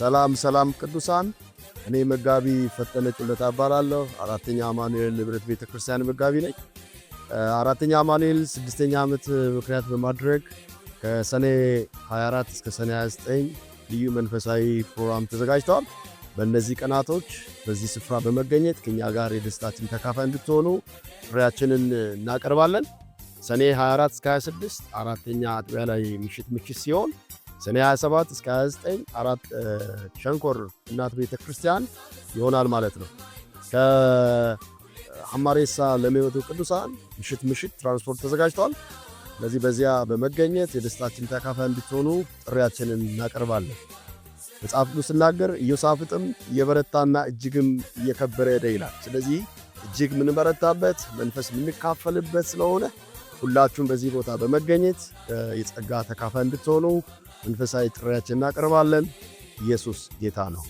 ሰላም ሰላም ቅዱሳን፣ እኔ መጋቢ ፈጠነ ጭለት እባላለሁ። አራተኛ አማኑኤል ንብረት ቤተክርስቲያን መጋቢ ነኝ። አራተኛ አማኑኤል ስድስተኛ ዓመት ምክንያት በማድረግ ከሰኔ 24 እስከ ሰኔ 29 ልዩ መንፈሳዊ ፕሮግራም ተዘጋጅተዋል። በእነዚህ ቀናቶች በዚህ ስፍራ በመገኘት ከኛ ጋር የደስታችን ተካፋይ እንድትሆኑ ጥሪያችንን እናቀርባለን። ሰኔ 24 እስከ 26 አራተኛ አጥቢያ ላይ ምሽት ምሽት ሲሆን ሰኔ 27 እስከ 29 አራት ሸንኮር እናት ቤተ ክርስቲያን ይሆናል ማለት ነው። ከአማሬሳ ለሚመጡ ቅዱሳን ምሽት ምሽት ትራንስፖርት ተዘጋጅቷል። ስለዚህ በዚያ በመገኘት የደስታችን ተካፋይ እንድትሆኑ ጥሪያችንን እናቀርባለን። መጽሐፍ ቅዱስ ስናገር ኢዮሳፍጥም የበረታና እጅግም እየከበረ ሄደ ይላል። ስለዚህ እጅግ ምንበረታበት መንፈስ የምንካፈልበት ስለሆነ ሁላችሁም በዚህ ቦታ በመገኘት የጸጋ ተካፋይ እንድትሆኑ መንፈሳዊ ጥሪያችን እናቀርባለን። ኢየሱስ ጌታ ነው።